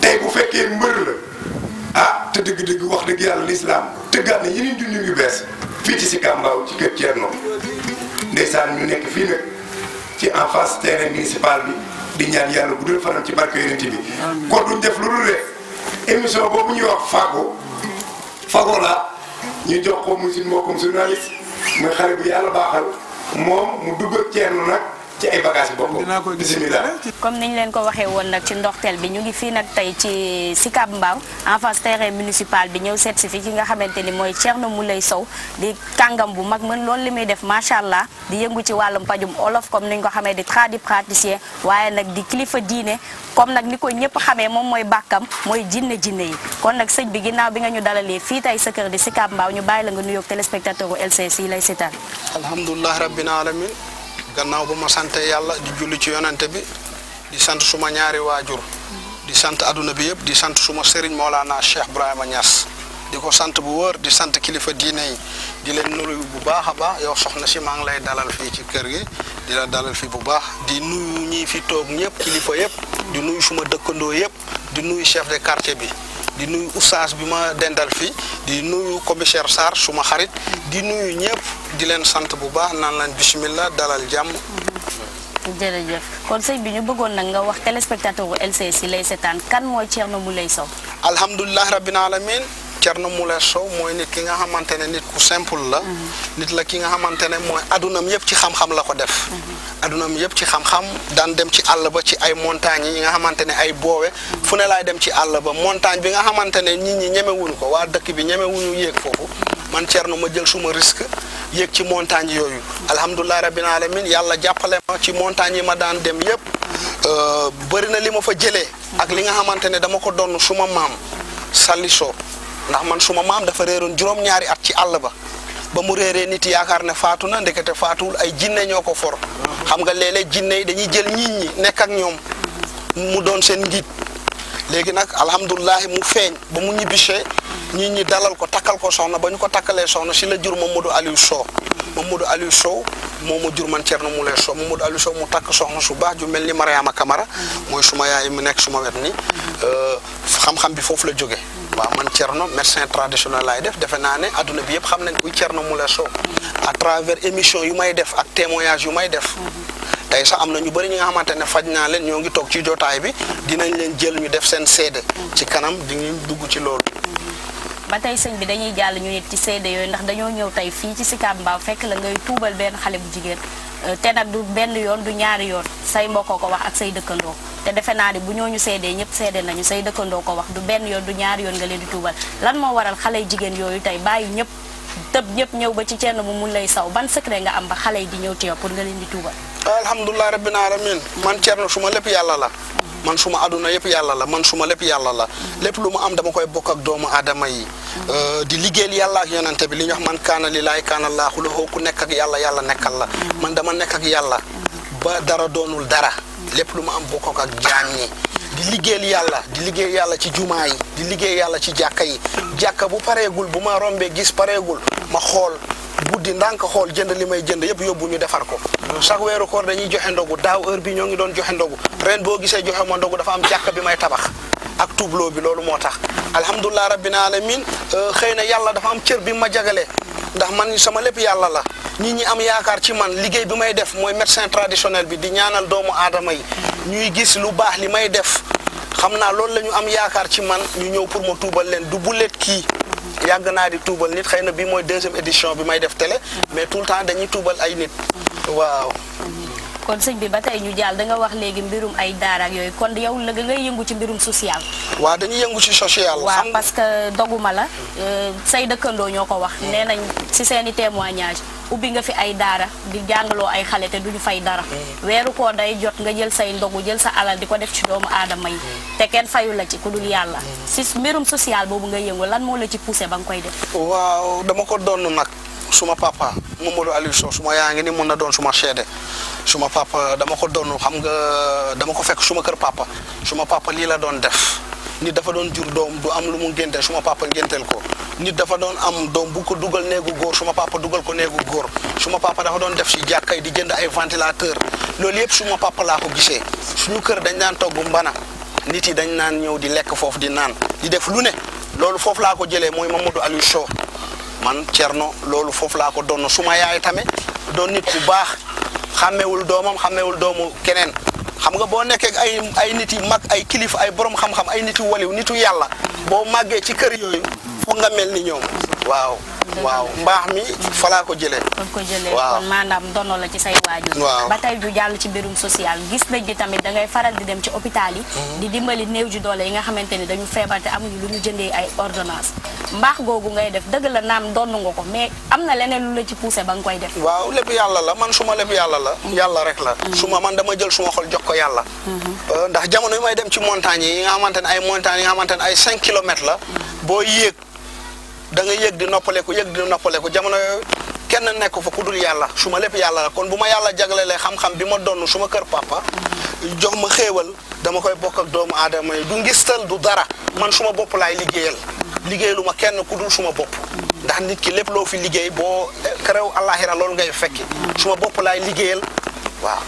tey bu fekkee mbër la ah te dëgg-dëgg wax dëgg yàlla lislaam tëggaat na yeneen dundin yu bees fii ci si Kambaaw ci kër Thierno ndeysaan ñu nekk fii nag ci en face terrain municipal bi di ñaan yàlla bu dul fanam ci barke yonent bi kon duñ def lu dul rek émission boobu ñuy wax Fago Fago la ñu jox ko muy suñu mbokkum journaliste muy xale bu yàlla baaxal moom mu dugg ak Thierno nag. ci ay bagages yu leen ko waxee woon nag ci ndoxteel bi ñu ngi fii nag tey ci Sicap Mbao en face terrain municipal bi ñëw seet si fi ki nga xamante ni mooy Thierno lay Sow di kàngam bu mag mën loolu li muy def macha allah di yëngu ci wàllum pajum olof comme ni ñu ko xamee di tradipraticien waaye nag di kilifa diine comme nag ni ko ñëpp xamee moom mooy bàkkam mooy jinne jinne yi kon nag sëñ bi ginnaaw bi nga ñu dalalee fii tey sa kër di Sicap Mbao ñu bàyyi la nga nuyoog téléspectateur u LCS yi lay seetaan alhamdulilah rabbil gannaaw bu ma sante yàlla di julli ci yonante bi di sant suma ñaari waajur di sant aduna bi yëpp di sant suma sëriñ Mawlana Cheikh Ibrahima Niass di ko sant bu wër di sant kilifa diine yi di leen nuyu bu baax a baax yow soxna si maa ngi lay dalal fii ci kër gi di la dalal fii bu baax di nuyu ñii fi toog ñëpp kilifa yëpp di nuyu suma dëkkandoo yëpp di nuyu chef de quartier bi di nuyu oustaz bi ma dendal fii di nuyu commissaire Sarr suma xarit di nuyu ñëpp di leen sant bu baax naan leen bismillah dalal jàmm. jërëjëf kon sëñ bi ñu bëggoon nag nga wax téléspectateur bu LCS yi lay seetaan kan mooy Thierno Mouleye Sow. alhamdulilah rabbil alamin Thierno Moule Sow mooy nit ki nga xamante ne nit ku simple la. Mhm. nit la ki nga xamante ne mooy adunam yëpp ci xam-xam la ko def. Mhm. adunam yëpp ci xam-xam daan dem ci àll ba ci ay montagnes yi nga xamante ne ay boowe. Mhm. fu laay dem ci àll ba montagne bi nga xamante ne nit ñi ñemewuñu ko waa dëkk bi ñemewuñu yéeg foofu. man na ma jël suma risque yéeg ci montagne yooyu. alhamdulilah rabbil alamin yàlla jàppale ma ci montagne yi ma daan dem yëpp. Euh, bëri na li ma fa jëlee. ak li nga xamante ne dama ko doon suma maam Saliso. ndax man suma maam dafa réeroon juróom-ñaari at ci àll ba ba mu réeree nit yaakaar ne faatu na ndekete faatuwul ay jinne ñoo ko for ah. xam nga léeg-léeg jinne yi dañuy jël nit ñi nekk ak ñoom mu doon seen njiit léegi nag alhamdulilahi mu feeñ ba mu ñibbisee ñi ñi dalal ko takkal ko soxna ba ñu ko takkalee soxna si la jur Mamadou Aliou Sow Mamadou Aliou Sow moo ma jur man Thierno Moulay Sow Mamadou Aliou Sow mu takk soxna su baax ju mel ni Mariama Camara mooy suma yaay mu nekk suma wet ni euh, xam-xam bi foofu la jóge waaw man Thierno médecin traditionnel laay def defe naa ne adduna bi yëpp xam nañ kuy Thierno Moulay Sow à travers émission yu may def ak témoignage yu may def tey sax am na ñu bëri ñi nga xamante ne faj naa leen ñoo ngi toog ci jotaay bi dinañ leen jël ñu def seen seede ci kanam di ñu dugg ci loolu ba tey sëñ bi dañuy jàll ñu nit ci seede yooyu ndax dañoo ñëw tey fii ci Sicap Mbao fekk la ngay tuubal benn xale bu jigéen euh, te nag du benn yoon du ñaari yoon say mbokkoo ko wax ak say dëkkandoo te defe naa ne bu ñooñu seedee ñëpp seede nañu say dëkkandoo ko wax du benn yoon du ñaari yoon nga leen di tuubal la moo waral xale jigéen yooyu tey bàyyi ñëpp tëb ñëpp ñëw ba ci cenn mu mun lay saw ban secret nga am ba xale yi ñëw ci yow pour nga leen di tuubal alhamdulilah rabbil alamin man na suma lépp yàlla la man suma aduna yëpp yàlla la man suma lépp yàlla la lépp lu mu am dama koy bokk ak doomu aadama yi euh, di liggéeyal yàlla yonante bi li ñu man kaana lilaay kaana laahu lahu ku nekk ak yàlla yàlla nekkal la man dama nekk ak yàlla ba dara doonul dara lépp lu mu am bokk ak jaam di liggéeyal yàlla di liggéey yàlla ci jumaa yi di liggéey yàlla ci jàkka yi jàkka bu pareegul bu ma rombee gis pareegul ma xool guddi ndànk xool jënd li may jënd yëpp yóbbu ñu defar ko chaque weeru koor dañuy joxe ndogu daaw heure bi ñoo ngi doon joxe ndogu ren boo gisee joxe ma ndogu dafa am jàkk bi may tabax ak tubloo bi loolu moo tax alhamdulilah rabbil alamin euh, xëy na yàlla dafa am cër bi ma jagalee ndax man sama lépp yàlla la nit ñi am yaakaar ci man liggéey bi may def mooy médecin traditionnel bi di ñaanal doomu aadama yi ñuy gis lu baax li may def xam naa loolu la ñu am yaakaar ci man ñu ñëw pour ma leen du bulet kii yàgg naa di tuubal nit xëy na bi mooy deuxième édition bi may def tele mm-hmm. mais tout le temps dañuy tuubal ay nit mm-hmm. waaw mm-hmm. kon señ bi batay ñu jall da nga wax legi mbirum ay daara ak yoy kon yow la nga yëngu ci mbirum social. wa dañuy yëngu ci social. wa parce que doguma la euh, say dëkkandoo ñoko wax nenañ ci seeni témoignage ubi nga fi ay daara di jangalo ay xalé te duñu fay dara. Mm. wéru ko day jot nga jël say ndogu jël sa alal diko def ci doomu aadama yi. Mm. te kenn fayu la ci kudul yalla ci mm. mbirum social bobu nga yëngu lan mo la ci pousser bang koy def. waaw dama ko donu nak suma papa momodou ali Sow suma yaangi ni mo na don suma chede suma papa dama ko doonul xam nga dama ko fekk suma kër papa suma papa lii la doon def nit dafa doon jur doom du am lu mu ngénte suma papa ngénteel ko nit dafa doon am doom bu ko dugal néegu góor suma papa dugal ko néegu góor suma papa dafa doon def si jàkkay di jënd ay ventilateur loolu yëpp suma papa laa ko gisee suñu kër dañ naan togg mbana nit yi dañ naan ñëw di lekk foofu di naan di def lu ne loolu foofu laa ko jëlee mooy Mamadou du Sow man Thierno loolu foofu laa ko doon suma yaay tamit doon baax xàmmewul doomam xàmmewul doomu keneen xam nga boo nekkee ay ay nit yi mag ay kilifa ay borom xam-xam ay nit yu waliw nitu yàlla boo màggee ci kër yooyu foog nga mel ni ñoom waaw waaw mbaax mi falaa ko jëlee kon ko jëlee kon maanaam ndono la ci say waajur ba tey du jàll ci mbirum social gis nañ di tamit dangay faral di dem ci hôpital yi mhm. di dimbali néew ji doole yi nga xamante ni dañu feebar te amuñu lu ñu jëndee ay ordonnance mbaax googu ngay def dëgg la naam donn nga ko mais am na leneen lu la ci poussé ba nga koy def waaw lépp yàlla la man suma ma yàlla la yàlla rek la mhm. su ma man dama jël suma xol jox ko yàlla mhm. euh, ndax jamono yi may dem ci montagnes yi nga xamante ne ay montagnes yi xamante ne ay cinq kilomètres la boo yéeg da nga yëg di noppaleku yëg di noppaleku jamono yooyu kenn nekk fa ku dul yàlla su ma lépp yàlla la kon bu ma yàlla jaglelee xam-xam bi ma donn su ma kër papa jox ma xéewal dama koy bokk doomu aadama yi du ngistal du dara man su ma bopp laay liggéeyal liggéeyalu ma kenn ku dul su bopp ndax nit ki lépp loo fi liggéey boo eh, kerew àllaaxira loolu ngay fekki suma ma bopp laay liggéeyal waaw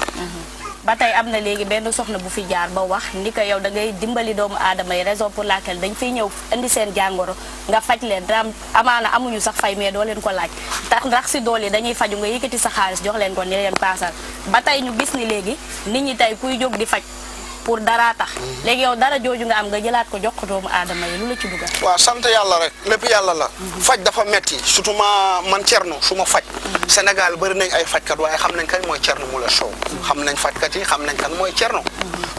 ba tey am na léegi benn soxna bu fi jaar ba wax ni ko yow da ngay dimbali doomu aadama yi raison pour laquelle dañ fiy ñëw indi seen jàngoro nga faj leen daam amaana amuñu sax fay mais doo leen ko laaj tax ndax si dool yi dañuy faju nga yëkkati sa xaalis jox leen ko ni leen paasal ba tey ñu gis ni léegi nit ñi tey kuy jóg di faj pour daraa tax léegi yow dara jooju nga am nga jëlaat ko jox ko doomu aadama yi lu la ci dugal waaw sant yàlla rek lépp yàlla la mhm. faj dafa metti surtout ma man cernu su ma faj mhm. Sénégal bëri nañ ay fajkat waaye xam nañ kan mooy cernu mu la sow mhm. xam nañ fajkat yi xam nañ kan mooy cernu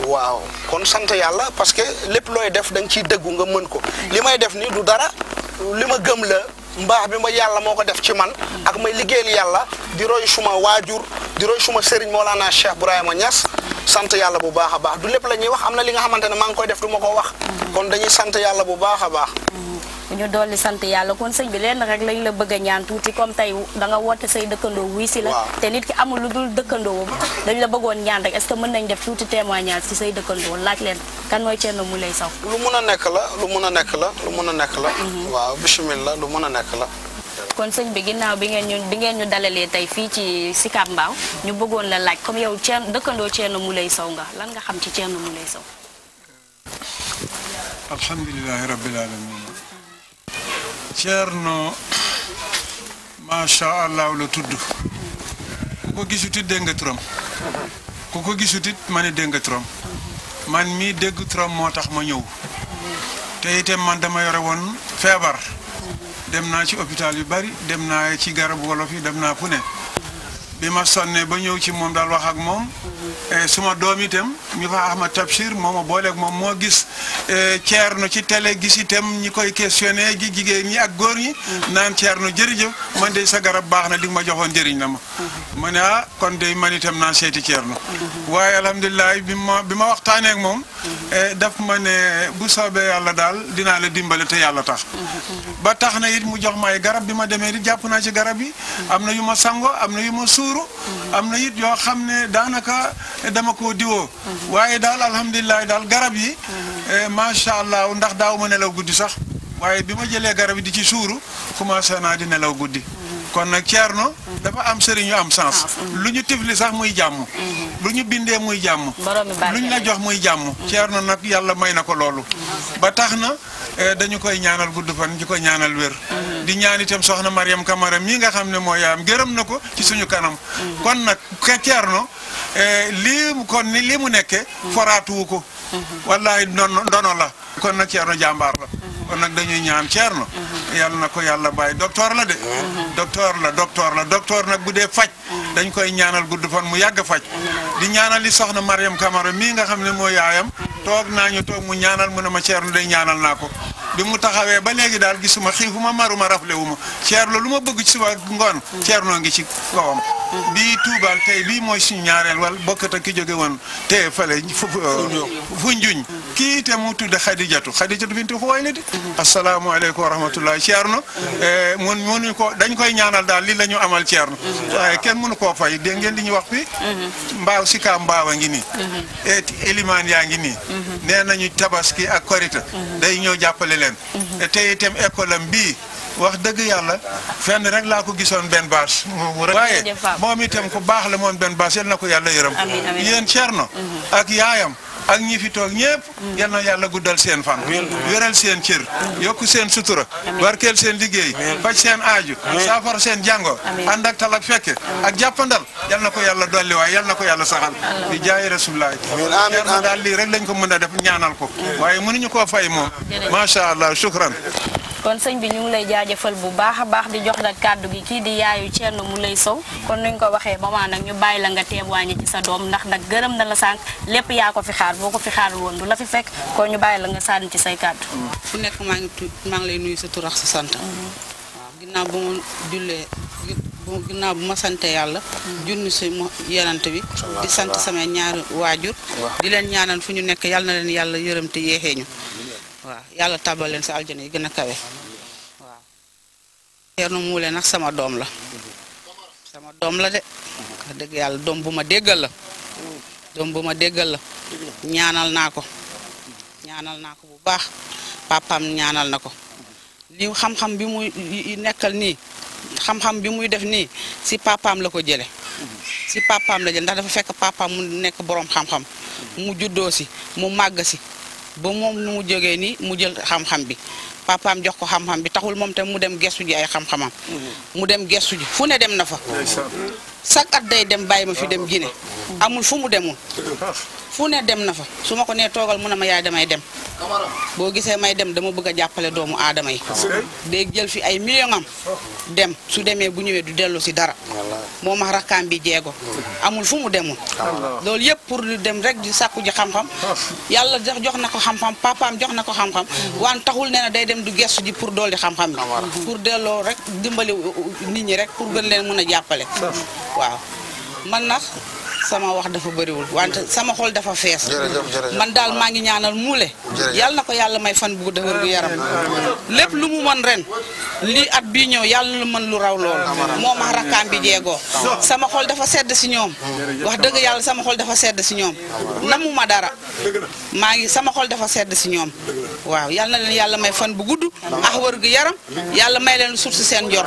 waaw kon sant yàlla parce que lépp looy def da nga ciy dëggu nga mën ko li may def ni du dara li ma gëm la mbaax bi ma yàlla moo ko def ci man ak may liggéeyal yàlla di roy suma waajur di roy suma sëriñ bu Cheikh Ibrahima ñas sant yàlla bu baax a baax du lépp la ñuy wax am na li nga xamante ne maa ngi koy def du ma ko wax kon dañuy sant yàlla bu baax a baax ñu dolli sant yàlla kon sëñ bi leen rek lañ la bëgg a ñaan tuuti comme tey da nga woote say dëkkandoo wuy si la te nit ki amul lu dul dëkkandoo dañ la bëggoon ñaan rek est-ce mën nañ def tuuti témoignage ci say dëkkandoo laaj leen kan mooy mu lay Sow lu mun a nekk la lu mun a nekk la lu mun a nekk la mhm. waaw bismillah lu mun a nekk la kon sëñ bi ginnaaw bi ngeen ñu bi ngeen ñu dalalee tey fii ci Sicap Mbao ñu bëggoon la laaj comme yow Thierno dëkkandoo mu lay saw nga lan nga xam ci Thierno Mouleye Sow alhamdulilahi rabbil Ceerno macha allah la tudd ku ko gisut it dégg nga turam ku ko gisut it ma ne dégg nga turam man mii dégg turam moo tax ma ñëw te itam man dama yore woon feebar dem naa ci hôpital yu bari dem naa ci garabu wolof yi dem naa fu ne. bi ma sonnee ba ñëw ci moom daal wax ak moom eh, suma doom itam ñu fa Ahmad Tabsir mooma booleeg moom moo gis eh, Thierno ci télé gis itam ñi koy questionné ji jigéen ñi ak góor ñi naan Thierno jërëjëf man de sa garab baax na li ma joxoon njëriñ la ma ma ne ah kon de man itam naan seeti Thierno waaye alhamdulilah bi ma bi ma waxtaanee moom eh, daf ma ne bu soobee yàlla daal dinaa le dimbale te yàlla tax ba tax na it mu jox ma ay garab bi ma demee di jàpp naa ci garab yi suivre am na it yoo xam ne daanaka dama ko diwoo waaye daal alhamdulilah daal garab yi eh, macha allah ndax daaw ma nelaw guddi sax waaye bi ma jëlee garab yi di ci suuru commencé naa di nelaw guddi kon nag Thierno dafa am sëriñ yu am sens ah, mm-hmm. lu ñu tifli sax muy jàmm mm-hmm. lu ñu bindee muy jàmm lu ñu la jox muy jàmm mm-hmm. no nag yàlla may na ko loolu ba tax na Eh, dañu koy ñaanal gudd fan di ko ñaanal wér mhm. di ñaan itam soxna Mariam Camara mii nga xam ne mooy yaayam gërëm na ko ci suñu kanam mhm. kon nag ka Ceerno eh, lii kon ni lii mu nekke mhm. foraatuwu ko wallahi ndono ndono la kon nag Ceerno jàmbaar la kon nag dañuy ñaan Ceerno yàlla na ko yàlla bàyyi docteur la de docteur la docteur la nag bu dee faj dañ koy ñaanal gudd fan mu yàgg faj di ñaanal li soxna Mariam Camara mii nga xam ne mooy yaayam toog naa ñu toog mu ñaanal mu ne ma Thierno de ñaanal naa ko di mu taxawee ba léegi daal gisuma ma maruma raflewuma Thierno lu ma bëgg ci suba ngoon Thierno ngi ci kawam bii tuubaal tey bii mooy si ñaareel wal bokkat ak ki joge woon te fale fu njuñ kii te mu tudde khadijatu khadijatu bintu xuwaylid assalamu alaykum wa rahmatullahi ceerno euh mon munu ko dañ koy ñaanal dal li lañu amal ceerno waaye kenn mënu ko fay de ngeen li ñu wax fi mbaaw sika mbaaw mbaawa ngi nii e elimaan yaa ngi nii nee nañu tabaski ak korita day ñëw jappale len te item école bi wax deug yalla fenn rek la ko gisoon benn baas waaye moom momitam ko bax la mom ben bass yel nako yalla yàlla yeen yéen ak yaayam ak ñi fi toog ñëpp mm. yal na yàlla guddal seen fan wéral seen cër yokk seen sutura barkeel seen liggéey faj seen aaju saafara seen jàngo ànd ak tal ak fekke ak jàppandal yal na ko yàlla dolli waay yal na ko yàlla saxal di jaay rasulullah amiin amiin daal lii rek lañ ko mën a def ñaanal ko waaye mënuñu koo fay moom macha allah shukran kon sëñ bi ñu ngi lay jaajëfal bu baax a baax di jox la kàddu gi kii di yaayu na Thierno lay Sow kon nuñ ko waxee ba maa nag ñu bàyyi la nga témoigner ci sa doom ndax nag gërëm na la sànq lépp yaa ko fi xaar boo ko fi xaar woon du la fi fekk kon ñu bàyyi la nga sànni ci say kàddu. fu mm. nekk maa ngi tudd maa ngi lay nuyu sa tur sa sant. Mm. ginnaaw bu ma jullee ginnaaw bu ma sante yàlla. Mm. junni si mu yarante bi. di sant sama ñaari waajur. di leen ñaanal fu ñu nekk yàlla na leen yàlla yërëm te yeexee ñu. yàlla tàbbal leen si aljana yi gën a kawe waaw Thierno Moule nag sama doom la sama doom la de dëgg yàlla doom bu ma déggal la ma déggal la ñaanal naa ko ñaanal naa ko bu baax papaam ñaanal na ko li xam-xam bi muy nekkal nii xam-xam bi muy def nii si papaam la ko jële si papaam la jël ndax dafa fekk papaam mu nekk boroom xam-xam mu juddoo si mu màgg si ba moom nu mu jógee ni mu jël xam-xam bi papaam jox ko xam-xam bi taxul moom tam mu dem gestu ji ay xam-xamam mm-hmm. mu dem gestu ji fu ne dem na fa chaque at day dem bàyyi ma fi dem Guinée amul fu mu demul fu ne dem na fa su ma ko nee toogal mu ne ma yaay damay dem boo gisee may dem dama bëgg a jàppale doomu aadama yi day jël fi ay million am dem su demee bu ñëwee du dellu si dara moo max rakkaam bi jeego amul fu mu demul loolu yëpp pour di dem rek di ji xam-xam yàlla jox jox na ko xam papaam jox na ko xam-xam waan taxul nee day dem du gestu ji pour dool di xam-xam bi pour delloo rek dimbali nit ñi rek pour gën leen mën a jàppale waaw man nag sama wax dafa bëriwul wante sama xol dafa fees man daal maa ngi ñaanal muule yàlla na ko yàlla may fan bu defar gu yaram lépp lu mu mën ren lii at bii ñëw yàlla lu man lu raw lool moom ak rakkaam bi jeegoo sama xol dafa sedd si ñoom wax dëgg yàlla sama xol dafa sedd si ñoom namu ma dara maa ngi sama xol dafa sedd si ñoom waaw yal na leen yàlla may fan bu gudd ax wër gu yaram yàlla may leen suuf si seen njort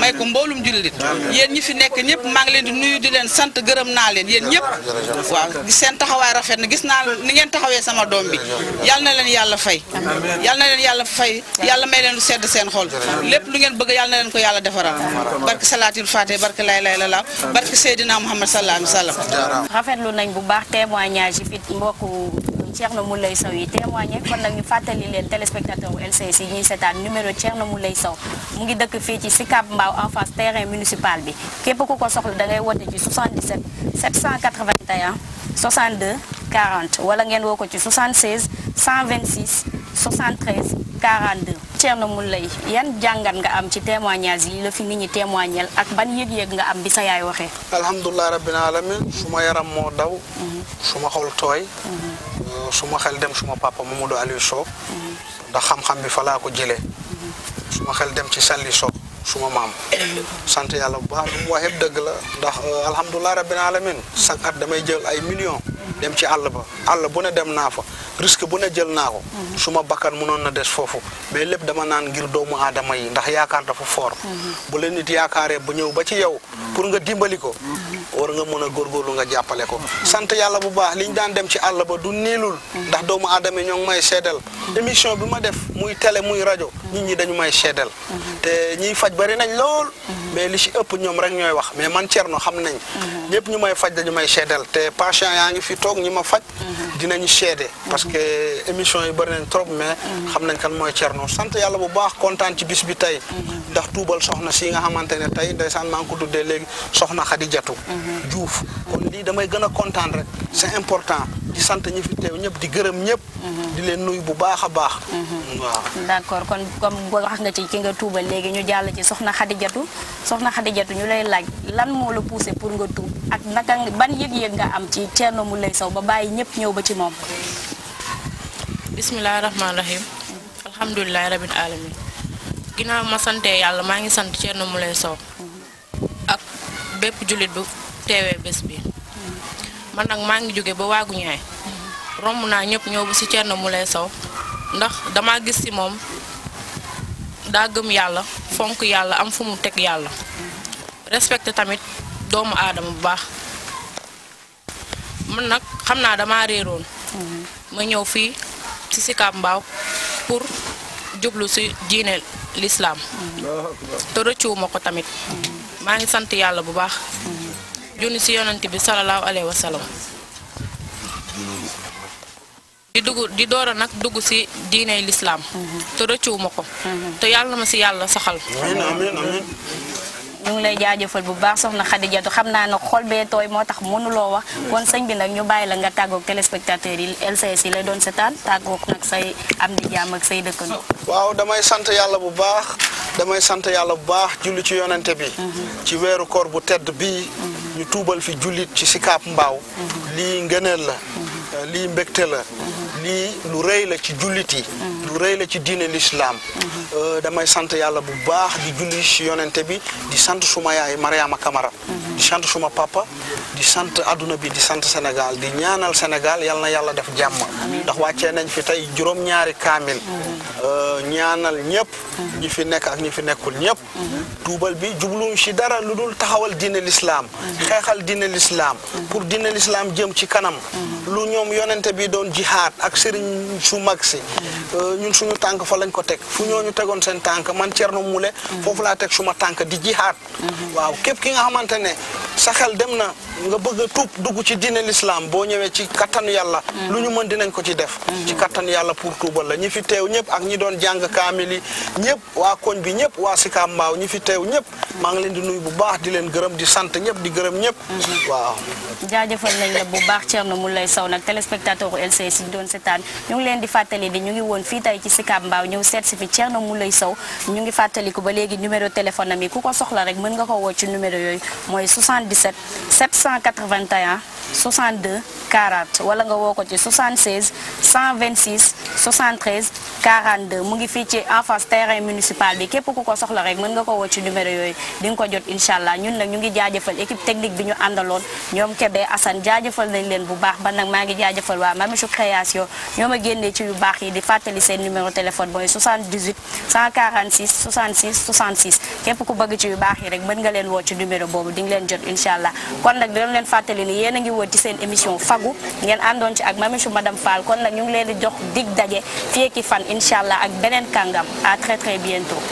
may ko mboolum jullit yéen ñi fi nekk ñëpp maa ngi leen di nuyu di leen sant gërëm naa leen yéen ñëpp waaw seen taxawaay rafet na gis naa ni ngeen taxawee sama doom bi yal na leen yàlla fay yal na leen yàlla fay yàlla may leen lu sedd seen xol lépp lu ngeen bëgg yàlla leen ko yàlla defaral barke salaatul faate barke lay lay la laaw barke seydina muhammad sallallahu alayhi wa sallam rafetlu nañ bu Thierno Moulay Sow yi témoigné kon a ñu fatali téléspectateurs téléspectateurs LCC ñi sétane numéro Thierno Moulay Sow mu ngi dëkk fi ci Sikap Mbaw en face terrain municipal bi képp ku ko soxla da ngay ci 77 781 62 40 wala ngeen woko ci 76 126 73 42 mu Moulay yan jàngat nga am ci témoignage yi la fi nit ñi témoignel ak ban yëg-yëg nga am bi sa yaay waxee alhamdulilah rabbil alamin su ma yaram moo daw mhm. su ma xol tooy mhm. euh, su ma xel dem suma papa Mamadou Aliou Sow mhm. ndax xam-xam bi fa laa ko jëlee su ma xel dem ci Salli Sow suma maam sant yàlla bu baax lu mu dëgg la ndax euh, alhamdulilah rabbil alamin chaque at damay jël ay million dem ci àll ba àll bu ne dem naa fa risque bu ne jël naa ko mhm. suma bakkan mënoon na des foofu mais lépp dama naan ngir doomu aadama yi ndax yaakaar dafa foor mhm. bu leen nit yaakaaree ba ñëw ba ci yow mhm. pour nga dimbali ko war nga mën a góorgóorlu nga jàppale ko sant yàlla bu baax liñ daan dem ci àll ba du niilul ndax doomu aadama yi ñoo ngi may seedal émission bi ma def muy télé muy rajo nit ñi dañu may seedeel mhm. te ñiy faj bari nañ lool mhm. mais li ci ëpp ñoom rek ñooy wax mais man Thierno xam nañ mhm. ñëpp ñu may faj dañu may seedeel te patient yaa ngi fi toog ñi ma faj dinañu seede parce que émission yi bari nañ trop mais xam nañ kan mooy Thierno sant yàlla bu baax kontaan ci bis bi tey ndax tuubal soxna si nga xamante ne tey ndeysaan maa ngi ko tuddee léegi soxna Khadijatu Diouf kon lii damay gën a kontaan rek c'est important di sante ñi fi teew ñep di gërëm ñep mhm. di leen nuyu bu baaxa baax mhm. d'accord kon comme wax nga ci ki nga tuubal léegi ñu jall ci soxna khadijatu soxna khadijatu ñu lay laaj lan mo la poussé pour nga tuub ak naka ban yeg yeg nga am ci téno mu lay saw ba bàyyi ñep ñew ba ci mom bismillahir rahmanir rahim alhamdulillahi rabbil alamin ginaaw ma sante yalla ma ngi sante téno mu lay saw mhm. ak bép julit bu téwé bës bi man nag maa ngi jóge ba waagu ñaay romb naa ñëpp ñëw ba na mu Moulé saw ndax damaa gis si moom daa gëm yàlla fonk yàlla am fu mu teg yàlla respecté tamit doomu aadama bu baax mën nag xam naa damaa réeroon ma ñëw fii ci Sicap Mbao pour jublu si diine l'islam te rëccuwuma ko tamit maa ngi sant yàlla bu baax junni si yonent bi salallaahu alayhi di dugg di door nag dugg si diiney lislaam mhm. te rëccuwuma ko mhm. te yàlla na ma si yàlla saxal ñu ngi lay jaajëfal bu baax soxna Xadijatu xam naa ne xol bee tooy moo tax mënuloo wax kon sëñ bi nag ñu bàyyi la nga tàggoog téléspectateurs yi LCS yi lay doon setaan tàggoog nag say am di jàmm ak say dëkkandoo. waaw damay sant yàlla bu baax damay sant yàlla bu baax julli ci yonente bi mhm. ci weeru koor bu tedd bi mhm. ñu tuubal fi jullit ci sikaab mbaaw mhm. lii ngëneel la lii mbégte la lii lu rëy la ci jullit yi mm-hmm. lu rëy la ci diine lislaam mm-hmm. euh, damay sant yàlla bu baax di julli ci yonente bi di sant suma yaay Mariama Kamara mm-hmm. di sant suma papa di sant adduna bi di sant Sénégal di ñaanal senegal yal na yàlla def jàmm ndax wàccee nañ fi tey juróom-ñaari kaamil euh, ñaanal ñëpp ñi fi nekk ak ñi fi nekkul ñëpp tuubal bi jubluñ ci dara lu dul taxawal diine lislaam xeexal diine lislaam pour diine lislaam jëm ci kanam lu ñoom yonente bi doon jihaad ak ak sëriñ su mag si euh, ñun suñu tànk fa lañ ko teg fu ñu tegoon seen tànk man na mu Moule foofu laa teg suma tànk di jihaat waaw képp ki nga xamante ne sa xel dem na nga bëgg a tuub dugg ci diine l'islam boo ñëwee ci kattanu yàlla lu ñu mën dinañ ko ci def ci kattanu yàlla pour tuubal la ñi fi teew ñëpp ak ñi doon jàng kaamili ñëpp waa koñ bi ñëpp waa Sika Mbaaw ñi fi teew ñëpp maa ngi leen di nuyu bu baax di leen gërëm di sant ñëpp di gërëm ñëpp mhm. waaw jaajëfal seetaan ñu ngi leen di fàttali ni ñu ngi woon fii tey ci Sicap Mbao ñëw seet si fi Thierno Mouleye Sow ñu ngi fàttaliku ba léegi numéro téléphone am yi ku ko soxla rek mën nga ko woo ci mu ngi fii ci en face terrain municipal bi képp ku ko soxla rek mën nga ko woo ci numéro yooyu di nga ko jot incha allah ñun nag ñu ngi jaajëfal équipe technique bi ñu àndaloon ñoom Kébé Assane jaajëfal nañ leen bu baax ba nag maa ngi jaajëfal waa Mamichou création Diallo ñoo ma génnee ci yu baax yi di fàttali seen numéro téléphone booy mooy 78 146 66 66 képp ku bëgg ci yu baax yi rek mën nga leen woo ci numéro boobu di nga leen jot incha allah kon nag dinañ leen fàttali ni yéen a ngi woo ci seen émission fagu ngeen àndoon ci ak mamichu madame Fall kon nag ñu ngi leen di jox dig daje fii ak fan incha allah ak beneen kàngam à très très bientôt.